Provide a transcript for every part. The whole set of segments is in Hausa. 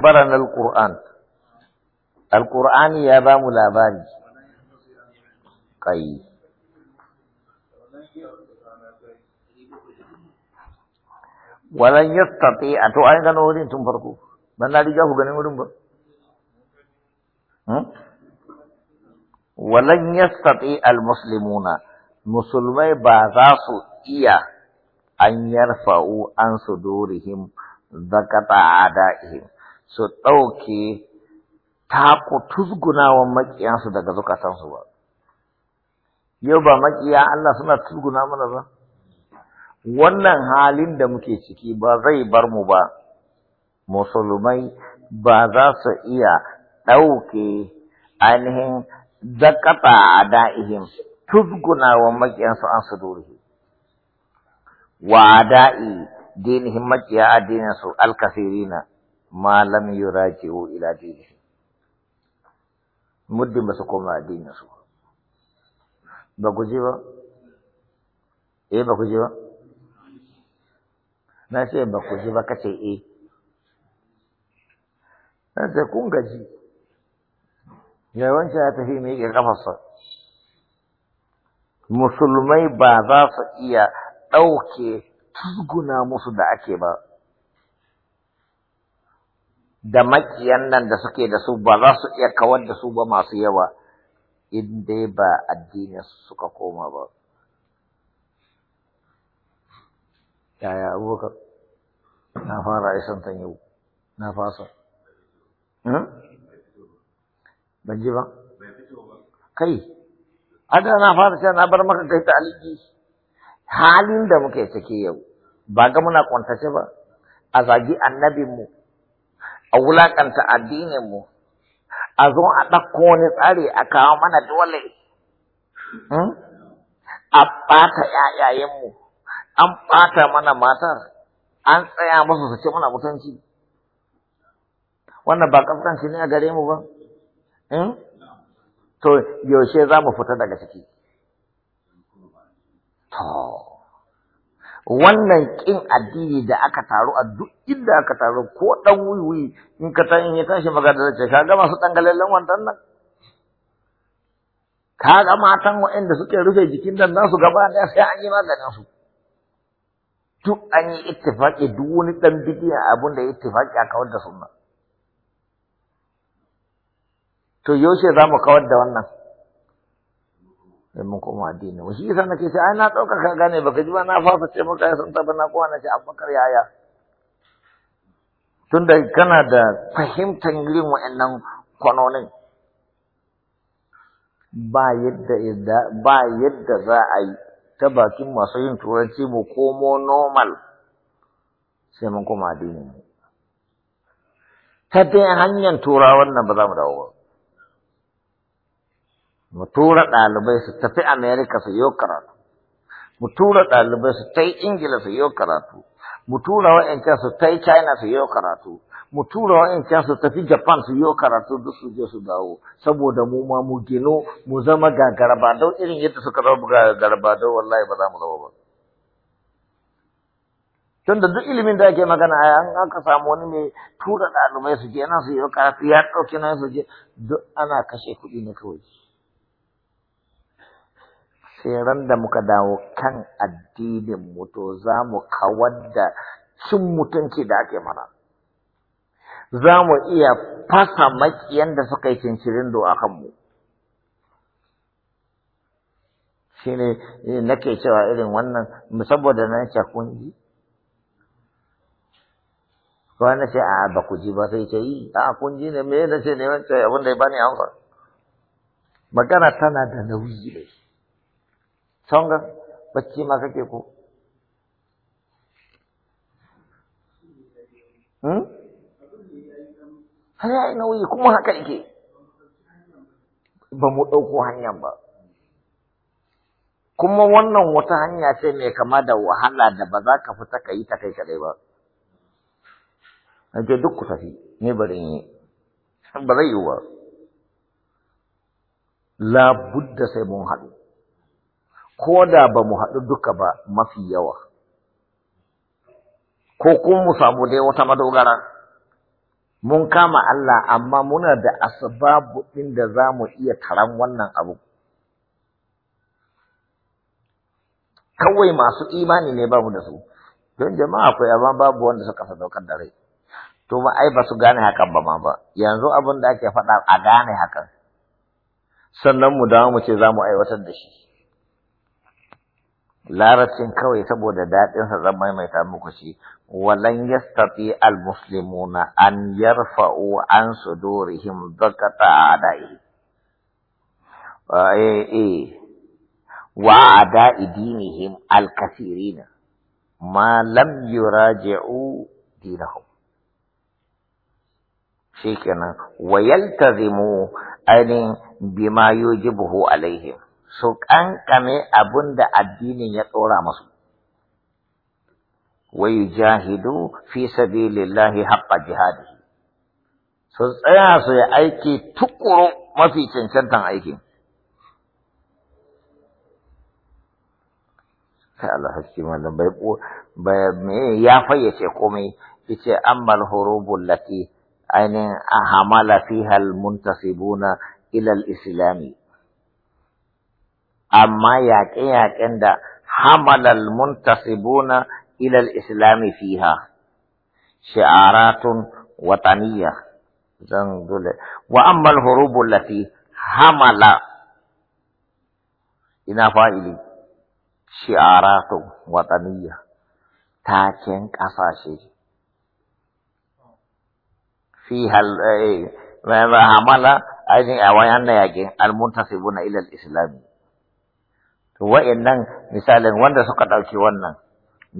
أخبرنا القرآن القرآن يا بام لاباري طيب. قي ولن يستطيع تو أين كانوا ودين تنفرقوا من نادي جاهو غنين ودين ولن يستطيع المسلمون مسلمي بازاسو إيا أن يرفعوا عن صدورهم ذكت أعدائهم su ɗauke ta ku tuzgunawan maƙiyansu daga zukatansu ba. Yau ba maƙiya Allah suna tusguna mana ba. Wannan halin da muke ciki ba zai bar mu ba, musulmai ba za su iya ɗauke ainihin zakata a da'ihim tuzgunawan maƙiyansu an su durihi. Wa da'i dinihin maƙiya addininsu alkasirina. ma lam yuraji'u ila dinihi muddin ba su koma addinin su ba ku ji ba eh ba ku ji ba na ce ba ku ji ba kace eh na ce kun gaji yawanci ya tafi mai ke kafarsa musulmai ba za su iya ɗauke tuguna musu da ake ba da makiyan nan da suke da su ba za su iya kawar da su ba masu yawa in dai ba addinin suka koma ba. Yaya abubakar, na fara isan ta yau, na fasa. Hmm? Ban ji ba? Kai, ada na fara cewa na bar maka kai ta aliki. Halin da muke ciki yau, ba ga muna kwantace ba, a zagi annabinmu a wulakanta addininmu a zo a ɗauko wani tsari a kawo mana dole hmm? a ɓata ‘ya'yayenmu an ɓata mana matar an tsaya masu su ce mana mutunci wannan ba ƙasƙanci ne a gare mu ba hmm? to yaushe za mu fita daga ciki to wannan kin addini da aka taru a duk inda aka taru ko dan wuyi in ka ta in ya tashi magana da ce ka ga masu dangalallen wannan nan ka ga matan waɗanda suke rufe jikin nan nasu gaba ɗaya sai an yi maganin su duk an yi ittifaqi duk wani dan bidiya abun da ya ittifaqi a kawar da sunna to yaushe za mu kawar da wannan sai eh, mun koma addini wa shi sanake nake ce ai na ɗaukar ka gane baka ji ba na fafa ce maka ya san ba na kowa na ce abubakar yaya tunda kana da fahimtar yin wa'annan kwanonin ba yadda ba yadda za a yi ta bakin masu yin turanci mu komo normal sai mun koma addini ta dai hanyar turawan nan ba za mu dawo ba mu tura ɗalibai su tafi Amerika su yi karatu, mu tura ɗalibai su ta Ingila su yi karatu, mu tura wa'yancan su ta China su yi karatu, mu tura wa'yancan su tafi Japan su yi karatu duk su je su dawo, saboda mu ma mu gino mu zama gagaraba dau irin yadda suka zama gagaraba dau wallahi ba za mu zama ba. Tunda duk ilimin da ake magana a an aka samu wani mai tura ɗalibai su je nan su yi karatu ya ɗauki nan su je duk ana kashe kuɗi na kawai. sai ran da muka dawo kan addinin mu to za mu kawar da cin mutunci da ake mana za mu iya fasa maƙiyan da suka yi cincirin do a kanmu shi ne nake cewa irin wannan saboda nan ce kun ji na ce a ba ku ji ba sai ce yi a kun ji ne me na ce ne wancan abin da ya bani amsa magana tana da nauyi ne songa bacci ma kake ko hmm har nauyi kuma haka yake ba mu ɗauko hanyar ba kuma wannan wata hanya ce mai kama da wahala da ba za ka fita ka yi ta kai kaɗai ba na duk ku tafi ne bari yi ba zai yi ba labudda sai mun haɗu ko da ba mu haɗu duka ba mafi yawa, ko kuma mu samu dai wata madogara, mun kama Allah amma muna da asbabu ɗin da za mu iya taran wannan abu. Kawai masu imani ne babu da su, don jama'a akwai amma babu wanda suka fi daukar da rai. To ma ai ba su gane hakan ba ma ba, yanzu abin da ake faɗa a gane hakan, sannan mu dawo mu ce za mu aiwatar da shi. larabcin kawai saboda daɗinsa zan maimaita muku shi walan yastati almuslimuna an yarfa'u an sudurihim zakata adai wa adai dinihim alkasirina ma lam yuraji'u dinahum shikenan wa yaltazimu ainin bima yujibuhu alaihim su ƙanƙame abin da addinin ya tsora masu. Wai jahidu fi sabilillahi haqqa jihadi Su tsaya su yi aiki tukuru mafi cancantan aiki. Sai Allah haske bai me ya fayyace komai yace ammal hurubul ainihin a hamala fiha al muntasibuna ila al islami أما يكي يكين دا حمل المنتصبون إلى الإسلام فيها شعارات وطنية زندل. وأما الهروب التي حمل إنا فائلي شعارات وطنية تاكين أساسي فيها ال ايه ما حمل أجن أوايان المنتصبون إلى الإسلام to wa'annan misalin wanda suka ɗauki wannan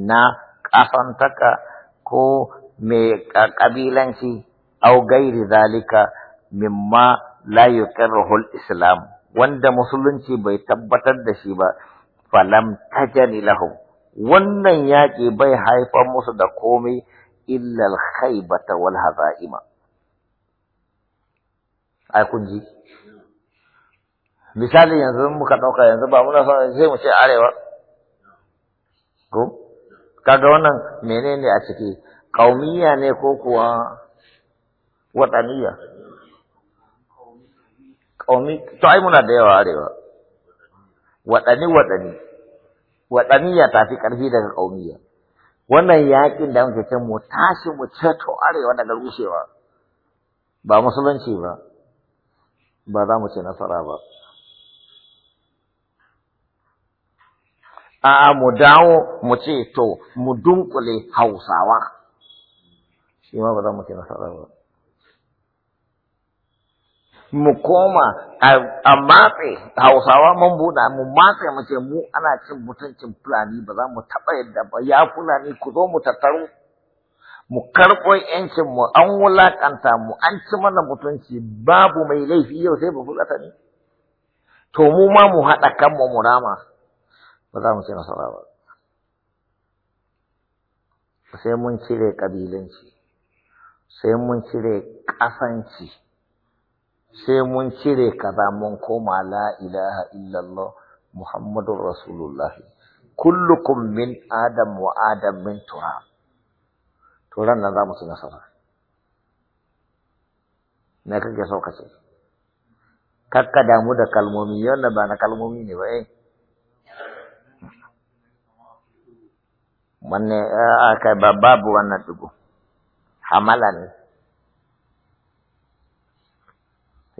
na ƙasantaka ko mai ƙabilanci au gairi zalika mimma la yuqirruhu islam wanda musulunci bai tabbatar da shi ba falam tajani lahum wannan yaƙi bai haifar musu da komai illa al-khaybata wal haza'ima ai kun misali yanzu muka ɗauka yanzu ba muna son sai mu ce arewa ko kaga wannan menene a ciki ƙaumiya ne ko kuwa waɗaniya kaumi to ai muna da yawa arewa waɗani waɗani waɗaniya ta fi ƙarfi daga ƙaumiya wannan yaƙin da muke ce mu tashi mu ceto arewa daga rushewa ba musulunci ba ba za mu ce nasara ba A'a mu dawo mu ce to mu dunkule Hausawa. Shi ma ba za mu nasara ba. Mu koma a matse Hausawa mun buɗa mu matse mu ce mu ana cin mutuncin Fulani ba za mu taɓa yadda ba ya Fulani ku zo mu tattaru. Mu karɓo ‘yancin mu an wulaƙanta mu an ci mana mutunci babu mai laifi yau sai ba fulata ne. To mu ma mu haɗa kanmu mu rama. ba mu ci nasara ba sai mun cire ƙabilanci sai mun cire ƙasanci sai mun cire kaza mun koma la ilaha illallah muhammadun rasulullah kullukum min adam wa adam min tura to ran nan za mu ci nasara me kake so ka ce kakka damu da kalmomi yana ba na kalmomi ne ba eh wanne eh, aka ah, babu wannan dugu hamala ne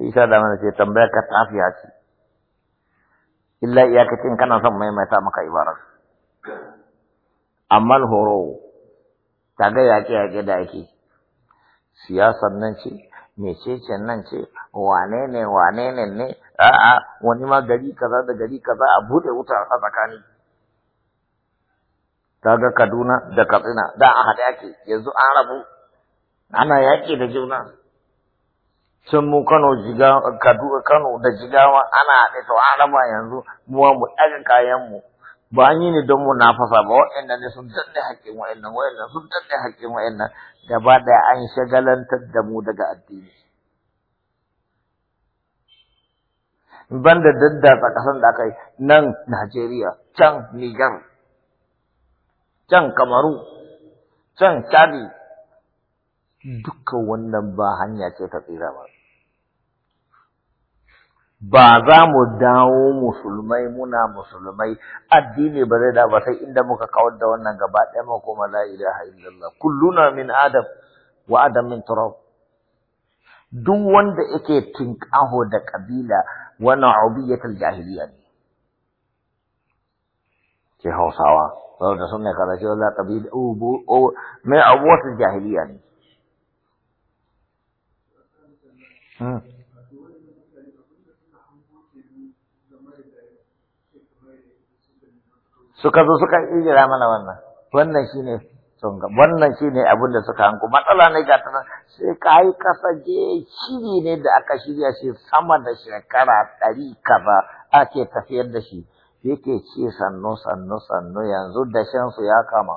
isa da mana ce tambaya ka tafiya ce illa iyakacin kana son maimaita maka ibarar amma horo ta ga yaƙe-yaƙe da ake siyasar nan ce mecece nan ce wane ne wane ne ne a'a wani ma gari kaza da gari kaza a bude wuta a tsakani kaga Kaduna da Katsina da a haɗe ake yanzu an rabu ana yaƙi da juna sun mu Kano jiga Kaduna Kano da Jigawa ana haɗe to an raba yanzu mu mu ɗaga kayan mu ba an yi ne don mu nafasa ba waɗannan ne sun danne haƙƙin waɗannan waɗannan sun danne haƙƙin waɗannan gaba ɗaya an shagalantar da mu daga addini banda daddatsa ƙasan da aka yi nan Najeriya can Niger can kamaru can cadi hmm. duka wannan ba hanya ce ta tsira ba ba za mu dawo musulmai muna musulmai addini ba zai ba sai inda muka kawar da wannan gaba ɗaya ma kuma la ilaha illallah kulluna min adam wa adam min turab duk wanda yake tinƙaho da ƙabila wannan ubiyatul jahiliya ne ke hausawa saboda sun ne kaza ta bi da oh, ubu o oh, mai abuwatu jahiliya ne hmm. suka zo suka ijira mana wannan wannan shine sun wannan shine abin da suka hanku matsala ne ga tana sai ka yi kasa je shiri ne da aka shirya shi sama da shekara ɗari kaza ake tafiyar da shi yake ce sannu sannu sannu yanzu dashensu ya kama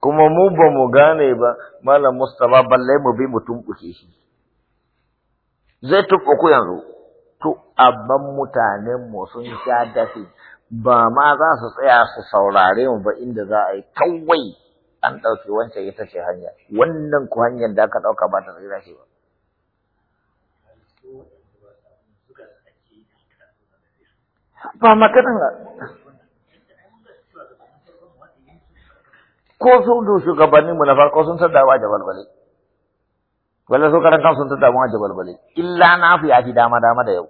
kuma mu ba mu gane ba malam mustapha balle mu bi mu tumbushe shi zai ku yanzu to abban mu sun sha dafi ba ma za su tsaya su saurare mu ba inda za a yi kawai an ɗauke wancan ya ce hanya wannan ku hanyar da aka ɗauka ba ta tsira shi ba ba maganin ko sun da shugabanninmu na farko sun san damuwa da balbale balle su karan kansu sun san damuwa da balbale illa na fi ya fi dama dama da yau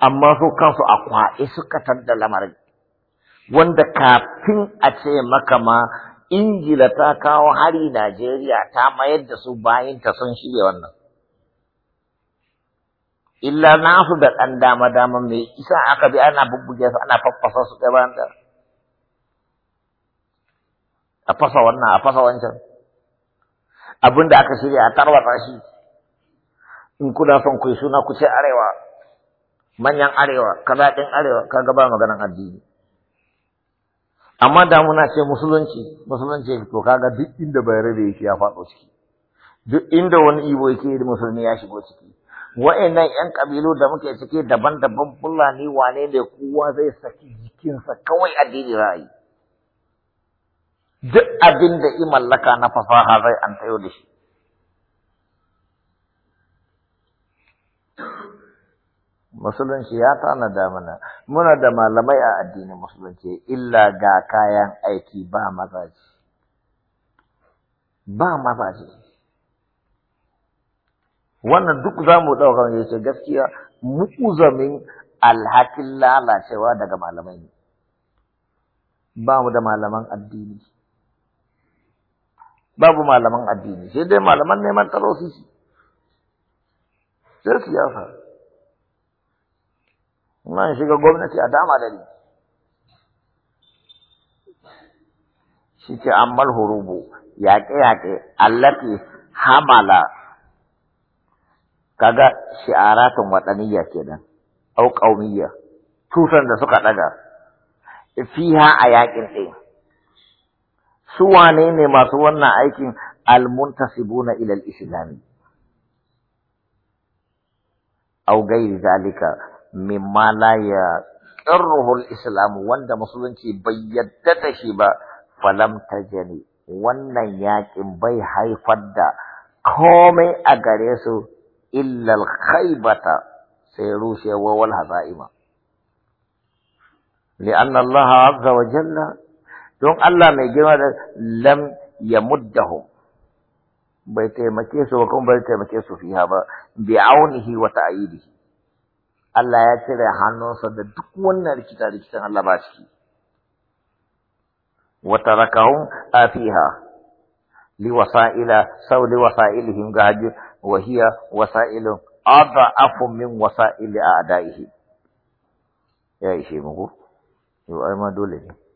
amma su kansu a kwaɗe suka tadda lamarin wanda kafin a ce maka ma Ingila ta kawo hari Najeriya ta mayar da su bayanta sun shirya wannan. illa na su da ɗan dama dama mai isa aka bi ana bubbuge su ana faffasa su ɗaya bayan a fasa wannan a fasa wancan abin da aka shirya a tarwata shi in kuna son ku suna ku ce arewa manyan arewa kaza ɗin arewa ka gaba maganan addini amma da muna ce musulunci musulunci to kaga duk inda bai rabe yake ya faɗo ciki duk inda wani ibo yake musulmi ya shigo ciki wa'annan yan kabilu da muke cike daban-daban fulani wane ne kowa zai saki jikinsa kawai addini ra'ayi duk abin da i mallaka na fasaha zai an tayo da shi musulunci ya tanada mana muna da malamai a addinin musulunci illa ga kayan aiki ba mazaji ba mazaji wannan duk za mu ɗauka ya ce gaskiya mu'uzamin alhakin lalacewa daga malamai ne ba mu da malaman addini babu malaman addini sai dai malaman neman taro su sai siyasa in shiga gwamnati a dama da ni shi ce ammal hurubu yaƙe-yaƙe allafi hamala kaga shi'aratun waɗaniya kenan au qaumiyya tutan da suka ɗaga. fiha a yaƙin ɗin su wane ne masu wannan aikin almuntasibuna ila al-islami au gairi zalika mimma la ya qarruhu islam wanda musulunci bai yadda da shi ba falam tajani wannan yaƙin bai haifar da komai a gare su إلا الخيبة سيروسيا والهزائم لأن الله عز وجل دون الله ما أن لم يمدهم بيتمكيسو وكم بيتمكيسو فيها بعونه وتأييده الله يترى حنون صد دكونا لكتا لكتا الله باشكي وتركهم آفيها لوسائل سو لوسائلهم قاعد وهي وسائل أضعف من وسائل أعدائه يا إشي مغو يو أيما دولي